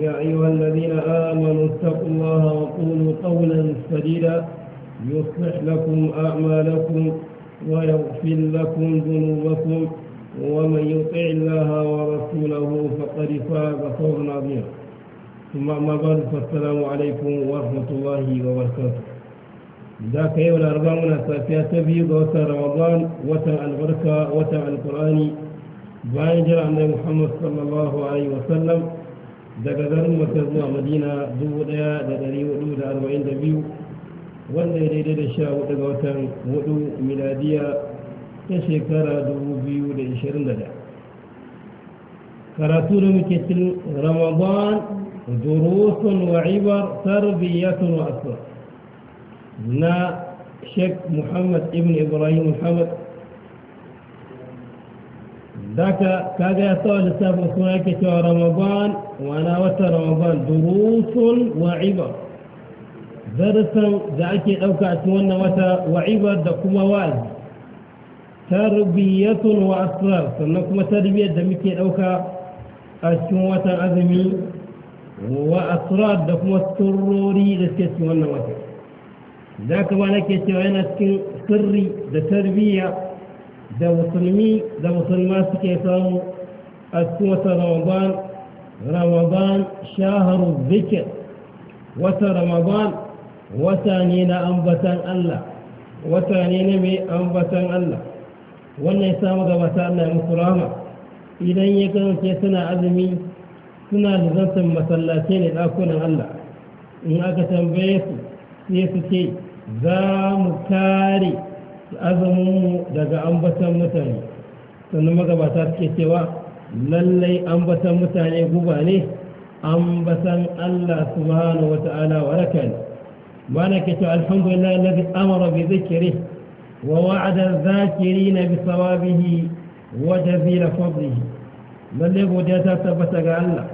يا أيها الذين آمنوا اتقوا الله وقولوا قولا سديدا يصلح لكم أعمالكم ويغفر لكم ذنوبكم ومن يطع الله ورسوله فقد فاز فوزا عظيما ثم أما بعد فالسلام عليكم ورحمة الله وبركاته ذاك يوم الأربعاء من أساسيات تبيض وتر رمضان وتر البركة وتر القرآن بان جاء محمد صلى الله عليه وسلم daga garin maka zuwa madina dubu daya da da da dari hudu arba'in biyu wanda ya daidai da sha hudu ga watan hudu miladiya ta shekara dubu biyu da da ishirin daya karatu da muke cin ramadan durusun wa ibar tarbiyatun wa asra na sheikh muhammad ibn ibrahim muhammad ذاك كذا يسوى لسابق اسمعك رمضان وانا وتا رمضان دروس وعبر درس ذاك اوكا اسمونا وتا وعبر دكما واز تربية وأسرار سنكما تربية دمك اوكا اسمو وتا أزمي وأسرار دكما سروري لسك اسمونا وتا ذاك ما لك يسوى سري دتربية da musulmi da musulma suke samu a cikin wata ramadan ramadan shaharu zikir wata ramadan wata ne na ambatan Allah wata ne na mai ambatan Allah wannan ya samu gabata Allah musu rama idan ya kasance suna azumi suna da zantar masallace ne ɗakunan Allah in aka tambaye su sai su ce za mu kare azumin daga ambatan mutane sannan magabata suke cewa lallai ambatan mutane guba ne ambatan Allah subhanahu wa ta'ala waraka ne ba na ke to alhamdulillah alladhi amara bi dhikri wa wa'ada dhakirina bi sawabihi wa jazila fadlihi lallai godiya ta tabbata ga Allah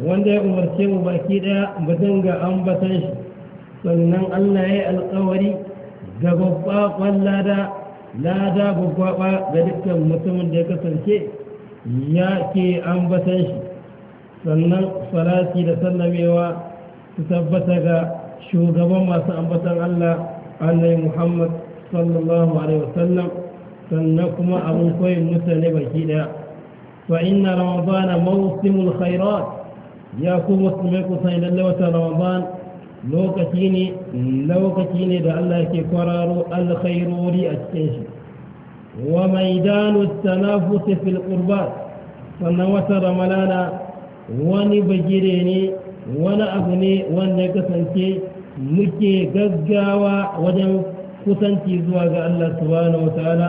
wanda ya umarce mu baki daya mu dinga ambatan shi sannan Allah ya yi alƙawari ga babbaƙon lada lada babbaƙa ga dukkan mutumin da ya kasance ya ke ambatan shi sannan salati da sallamewa su tabbata ga shugaban masu ambatan Allah annai Muhammad sallallahu alaihi wasallam sannan kuma abin koyin mutane baki daya fa inna ramadana mawsimul khairat ya ku musulmai ku sai lalle wata ramadan lokaci ne lokaci ne da Allah ke kwararo alkhairori a cikin shi wa maidanu tanafusi fil qurbat sannan wata ramalana wani bagire ne wani abu ne wanda ya kasance muke gaggawa wajen kusanci zuwa ga Allah subhanahu wa ta'ala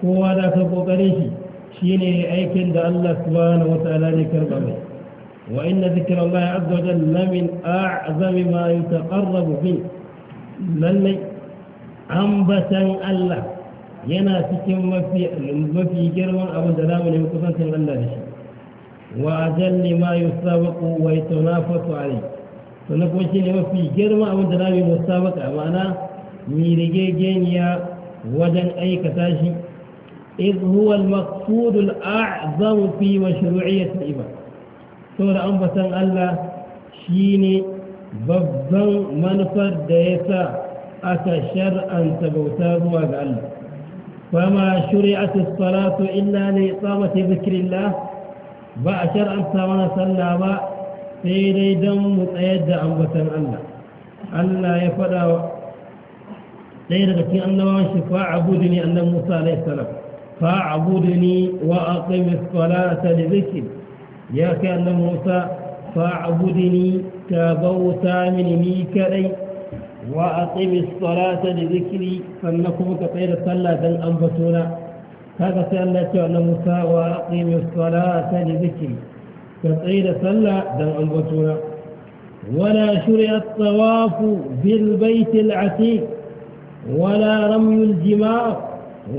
kowa da ka kokarin shi shine aikin da Allah subhanahu wa ta'ala ne karba mai وإن ذكر الله عز وجل لمن أعظم ما يتقرب به لن أنبتا ألا ينا سكن وفي وفي كرم أبو سلام لم تكن سلم الله وأجل ما يسابق ويتنافس عليه فنقول شيء في كرم أبو سلام مسابق أمانا ميرجي جينيا ودن أي كتاشي إذ هو المقصود الأعظم في مشروعية الإيمان saboda an basan Allah shi ne babban manufar da ya sa aka shar'anta bauta zuwa ga Allah fama shuri'atu salatu illa li iqamati dhikrillah ba a shar'anta mana sallah ba sai dai don mu tsayar da an basan Allah Allah ya faɗa ɗaya daga cikin annabawan shi fa fa'abuduni annabi Musa alaihi salam fa fa'abuduni wa aqimis salata li dhikri يا كان موسى فاعبدني كبوتا من ميكري وأقم الصلاة لذكري فلنكم كطير صلاة أنبتنا هذا سألنا أن موسى وأقم الصلاة لذكري كطير صلاة أنبتنا ولا شرع الطواف بالبيت العتيق ولا رمي الجمار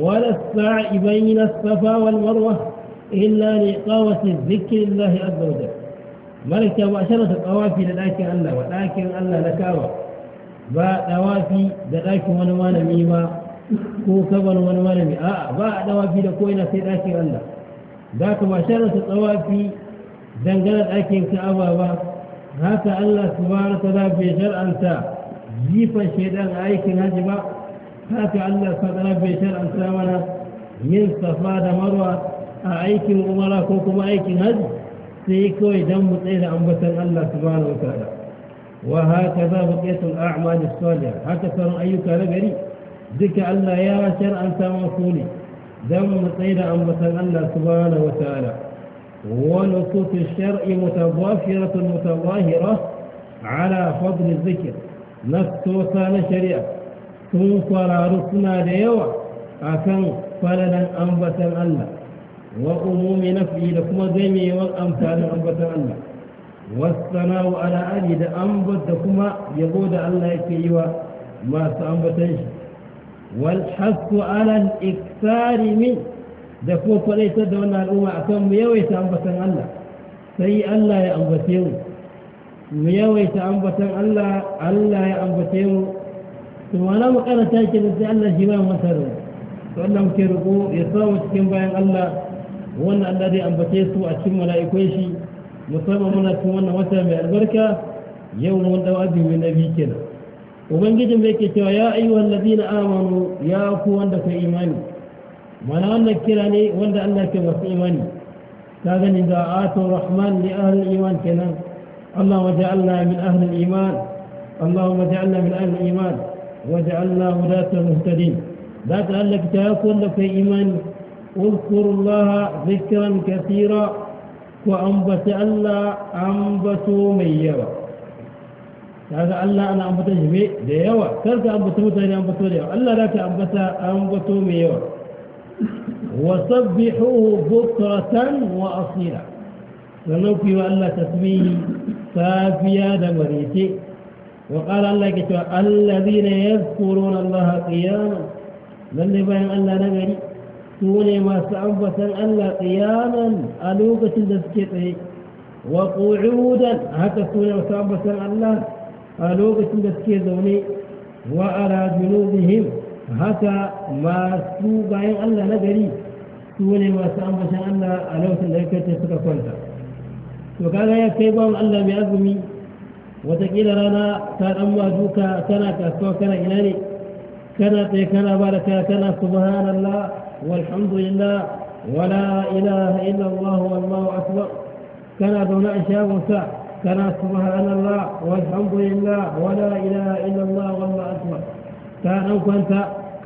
ولا السعي بين الصفا والمروة إلا لإقامة ذكر الله عز وجل ملكة مؤشرة القوافي لذاكر الله ولكن الله لكاوى فالقوافي لذاك ونوانا ميما كوكبا ونوانا ميما آه فالقوافي لكوينا في ذاكر الله ذاك مؤشرة القوافي زنجل الأكين كأبا هكا الله سبحانه وتعالى في شرع أنت جيفا شيطان عليك نجبا هكا الله سبحانه وتعالى في شرع أنت من صفاد مروه a aikin umara ko kuma aikin hajji sai kawai don mu tsaye da ambatan Allah subhanahu wa ta'ala wa haka za mu ƙetun a'amali salih haka sauran ayyuka na gari duka Allah ya shar'anta masu ne don mu tsaye da ambatan Allah subhanahu wa ta'ala ala الشرع متضافرة متظاهرة على فضل shari'a نصوصان kwararu suna da yawa akan falalan ambatan Allah وأموم نفعه لكم زيمي والأمثال أنبت الله والثناء على أهلي لأنبت لكم يقول الله يكيوا ما سأنبت إيش والحث على الإكثار من دفو فليس دون الأمة أكم يوي سأنبت الله سي الله يأنبتيه ويوي سأنبت الله الله يأنبتيه ثم لا مقارنة تلك الله جمال مثلا فالله كيرقو يصاوش كم بين الله wanda Allah zai ambace su a cikin mala'ikun shi musamman muna cikin wannan wata mai albarka yau mun dawo azumi na biyu kenan ubangijin bai ke cewa ya ayyuhal ladina amanu ya ku wanda ku imani mana wannan kira ne wanda Allah ke masu imani ka gani da ato rahman li ahli iman kenan Allah wa ja'alna min ahli iman اللهم اجعلنا من اهل الايمان واجعلنا هداة مهتدين ذات الله كتاب لك في ايمانك اذكر الله ذكرا كثيرا وأنبت الله أنبتوا من يوى هذا الله أنا أنبت جميع ديوا يوى أنبت متعني انبت دي الله لك أنبت انبت من وسبحوه بكرة وأصيلا ونوفي والله تسميه صافيا دمريتي وقال الله كتاب الذين يذكرون الله قياما من يبين الله نغري سوني ما سأبتا أن قياما ألوغة لذكته وقعودا هكا سوني ما سأبتا أن لا ألوغة وعلى جنوبهم هكا ما سوبا أن لا نجري سوني ما سأبتا أن لا ألوغة لذكته سكفنتا وقال يا سيبام ألا بأظمي وتقيل رانا كان أما جوكا كانت كأسوا كان إلاني كان تيكنا كان سبحان الله والحمد لله ولا إله إلا الله والله أكبر كان دون إشاب موسى كان سبحان الله والحمد لله ولا إله إلا الله والله أكبر كان كنت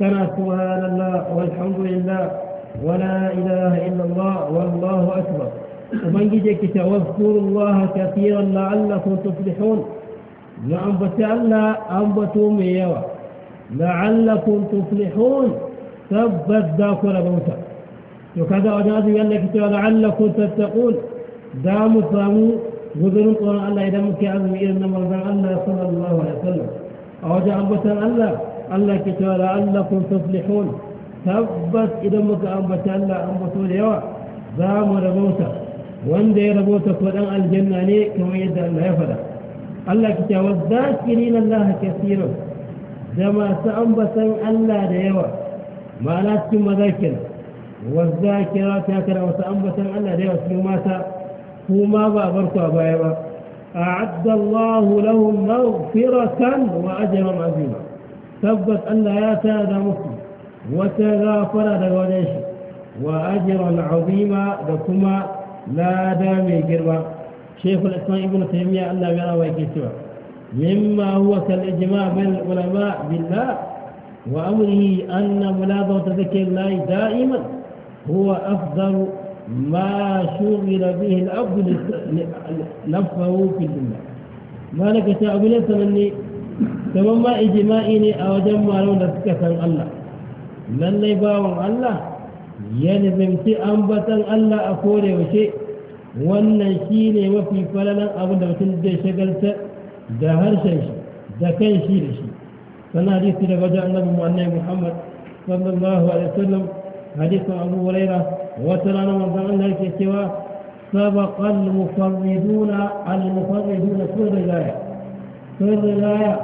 كان سبحان الله والحمد لله ولا إله إلا الله والله أكبر ومن جدك واذكروا الله كثيرا لعلكم تفلحون نعم، أنبتوا ميوا لعلكم تفلحون تبت داخل موسى وكذا أجازي أن كتاب لعلكم تتقون دام الثامو غذر القرآن أن إذا مكان من إذن صلى الله عليه وسلم أوجع أنبتا أن لا أن كتاب لعلكم تصلحون تبت إذا مك أنبتا أن لا أنبتوا ليوا دام الموسى وان دي ربوتا فدان الجنة لي كما يدى أن لا يفدى أن لا كتاب الذاكرين الله كثيرا دما سأنبتا الله لا ما لا تتم ذاكرة والذاكرة تاكرة وتأمت عنها ديوة يماتا وما بأبرت أبايبا أعد الله لهم مغفرة وأجرا عظيما ثبت أن لا يتادى مصر وتغافر دقوديش وأجرا عظيما لكما لا دامي قربا شيخ الإسلام ابن تيمية أن لا يرى ويكسوا مما هو كالإجماع من العلماء بالله وأمره أن ملاحظة ذكر الله دائما هو أفضل ما شغل به الأب نفسه في الدنيا ما لك تعبنا سنني كما ما إجمائني أو جمع لون سكسا الله لن لي الله يلزم شيء أنبتا الله أقول وشيء وأن شيني وفي فلنا أبدا abin da mutum zai shagalta da harshen shi wannan حديث daga wajen annabi محمد annabi muhammad sallallahu alaihi wasallam hadisin abu huraira wata rana manzon Allah yake cewa سبق المفردون المفردون سر الآية سر الآية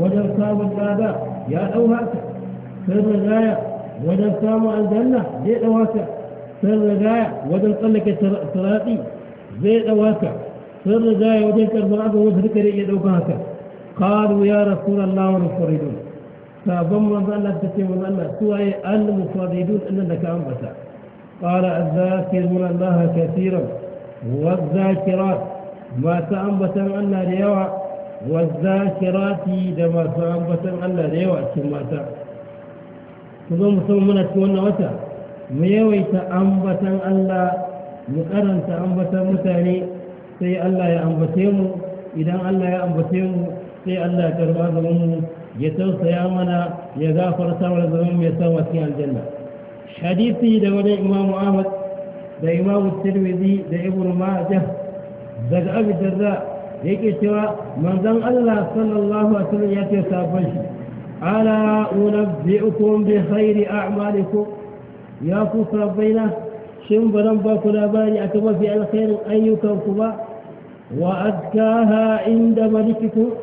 وجل سام الباب يا أوهاك سر الآية وجل سام الجنة زي أوهاك سر الآية وجل قلك سراقي زي أوهاك سر الآية وجل كربلاء وذكر يدوكاك قالوا يا رسول الله والمفردون فأبن من الله تتي من الله سوى المفردون إن لك أنبتا قال الذاكرون الله كثيرا والذاكرات ما تأنبتا أن ريوى والذاكرات دما تأنبتا أن ريوى كماتا تظن مسلمنا تكون وتا تأنبتا أنبتا ألا مقرن تأنبتا متاني سي الله يا إذا الله يا sai Allah ya karba zumunmu ya tausaya mana ya gafarta mana zumunmu ya samu cikin aljanna hadisi da wani imam ahmad da imam tirmidhi da ibn majah da abu darda yake cewa manzon Allah sallallahu alaihi wasallam yake sabon shi ala unabbi'ukum bi khairi a'malikum ya ku sabbaina shin baran ba ku labari akan mafi alkhairin ku ba wa azkaha inda malikikum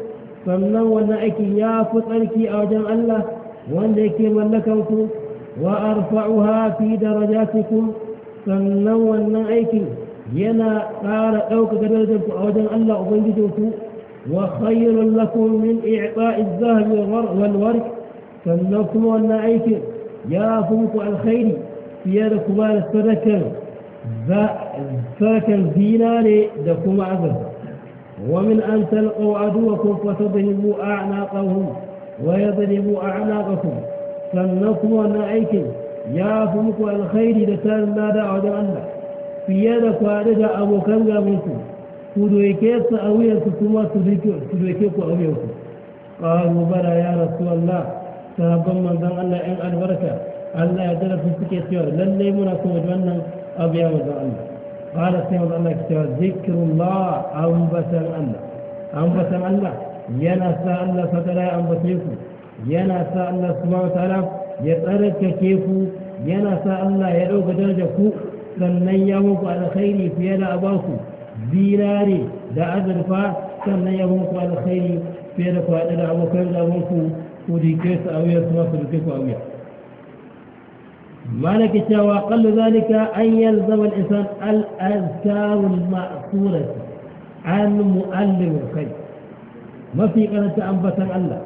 sannan wannan aikin ya fi tsarki a wajen Allah wanda yake mallakanku wa arfa'uha fi darajatikum sannan wannan aikin yana ƙara ɗaukaka darajarku a wajen Allah ubangijinku wa khairul lakum min i'ta'i adh-dhahabi wal warq sannan kuma wannan aikin ya fi muku alkhairi fiye da kuma da sadakar sadakar zinare da kuma azurfa ومن أن تلقوا عدوكم فتضربوا أعناقهم ويضربوا أعناقكم فلنكم ونعيكم يعفوك الخير لسان ما دعا دعنا في يدك وعدك أبو كنغا منكم تدويكيك أويك ثم تدويكيك أويك قالوا بلى يا رسول الله سنقوم من ذن الله إن البركة الله يدرك في السكيسيور لن يمنكم أجمنا أبيام دعنا قال سيد الله كتاب ذكر الله أنبت الله أنبت الله ينسى الله فتلا أنبت يكو ينسى الله سبحانه وتعالى يترك كيفو ينسى الله يدعوك درجة كو sannan ya muku alkhairi fiye da abaku zinare da azurfa sannan ya muku alkhairi fiye da kwaɗi da abokan zamanku ku dike su a wuya su masu dike ku a wuya مالك وأقل ذلك أن يلزم الإنسان الأذكار المأثورة عن مؤلم الخير ما في قناة أنبتا ألا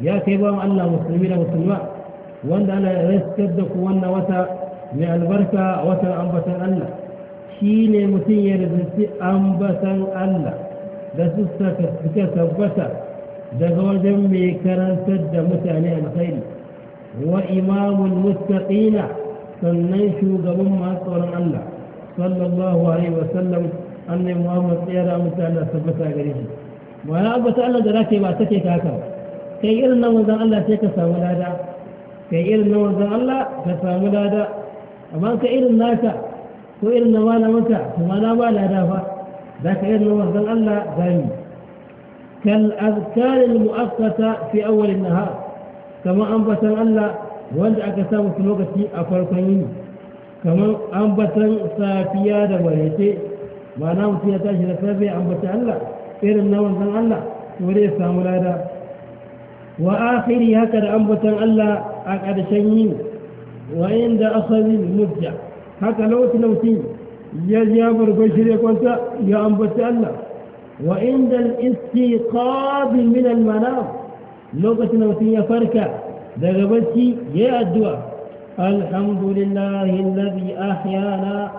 يا كيبام ألا مسلمين مسلمات وأن أنا رزقك وأن وتا من البركة وتا أنبتا ألا شيني متين رزقك أنبتا ألا لسستك su suka tabbata daga wajen mai karantar da هو إمام المتقين سنيش قبما أطول الله صلى الله عليه وسلم أن إمام السيارة متعلا سبتا قريبا ولا أبت الله دراكي باتكي كاكا كي إرنا وزا الله تيكا سامنادا كي إرنا وزا الله تسامنادا أما كي إرنا كا كو إرنا وانا وكا كما لا وانا دافا ذاك إرنا وزا الله دائم كالأذكار المؤقتة في أول النهار kamar ambatan Allah wanda aka samu su lokaci a farkon yini kamar ambatan safiya da maraice ba na mutum ya tashi da safe ambata Allah irin na wanzan Allah to ya samu lada wa akhiri haka da ambatan Allah a ƙarshen yini wa inda asalin mujja haka lokacin da mutum ya ji ya barbar shirya kwanta ya ambata Allah wa inda al-istiqab min al-manam لوقتنا وفيها فركة دغبتي يا الدعاء الحمد لله الذي أحيانا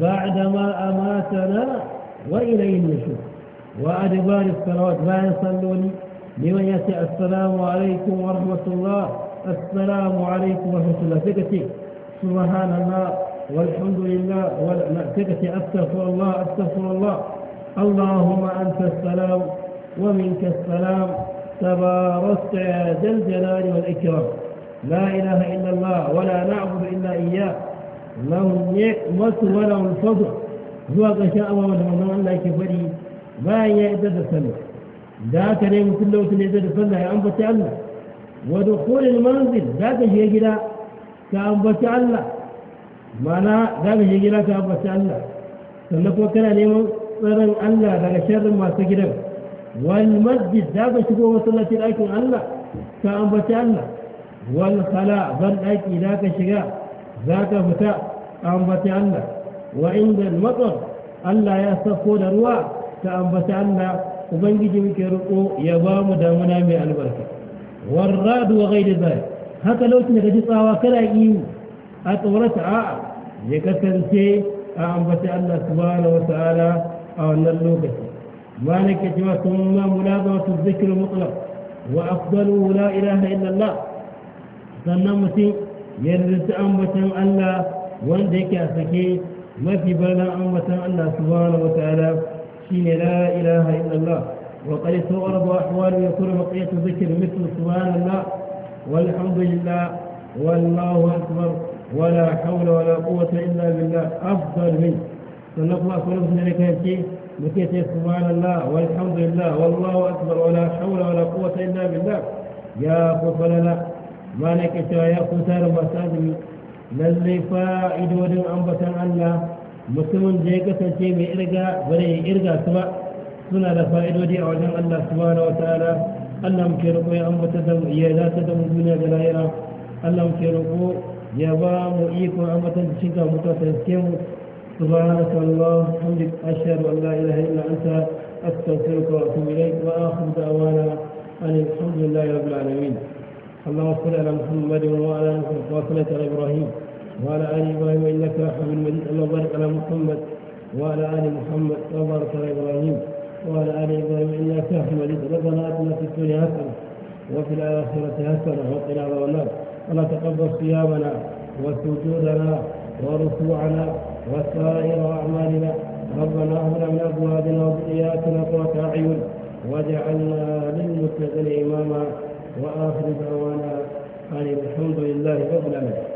بعدما أماتنا وإليه النشور وأدبار الصلوات ما يصلوني لمن يسأل السلام عليكم ورحمة الله السلام عليكم ورحمة الله ثقتي سبحان الله والحمد لله ثقتي أستغفر الله أستغفر الله اللهم أنت السلام ومنك السلام تباركت يا ذا الجلال والإكرام لا إله إلا الله ولا نعبد إلا إياه له النعمة وله الفضل هو غشاء ومنعم لا كفري ما يعدد السنة ذاك نعم كله وقت يعدد السنة يا أنبت الله ودخول المنزل ذاك شيء جدا كأنبت الله لا ذاك شيء جدا كأنبت الله سنة kuma نعم neman الله ذاك شر ما masu والمسجد ذاك شكو وصلة الأيك الله كأنبت الله والخلاء بل أيك ذاك شقاء ذاك فتاء أنبت الله وعند المطر الله يصفو دروا كأنبت الله وبنجي منك رؤو يبام دامنا من البركة والراد وغير ذلك haka لو تنك ka وكلا tsawa أتورت عاء a tsorata a ya kasance a ambaci Allah مالك جوا ثم ملازمة الذكر المطلق وأفضل لا إله إلا الله سنمتي يرد أمة الله وانديك أسكي ما في بلا أمة الله سبحانه وتعالى شين لا إله إلا الله وقد تعرض أحوال يكون بقية الذكر مثل سبحان الله والحمد لله والله أكبر ولا حول ولا قوة إلا بالله أفضل منه سنقرأ كل ذلك يمشي بكيت سبحان الله والحمد لله والله أكبر ولا حول ولا قوة إلا بالله يا قفل لا ما نكتب يا قسر مساد للي فائد ودن أنبت الله مسلم جيك سنشي بإرقى بني إرقى سواء سنة فائد ودي أعوذن الله سبحانه وتعالى الله مكيرقو يا أنبت دم يا ذات دم الدنيا جلائرة الله مكيرقو يا بام وإيكو أنبت الشنكة متوسط كيمو سبحانك الله حمدك أشهد أن لا إله إلا أنت أستغفرك وأتوب إليك وآخر دعوانا أن الحمد لله رب العالمين اللهم صل على محمد وعلى آله وصلى على إبراهيم وعلى آل إبراهيم إنك حميد مجيد اللهم بارك على محمد وعلى آل محمد وبارك على إبراهيم وعلى آل إبراهيم إنك حميد مجيد ربنا آتنا في الدنيا حسنة وفي الآخرة حسنة وقنا عذاب النار اللهم تقبل صيامنا وسجودنا وركوعنا وسائر أعمالنا ربنا أهلا من أزواجنا وذرياتنا قرة أعين وجعلنا للمتقين إماما وآخر دعوانا أن الحمد لله رب العالمين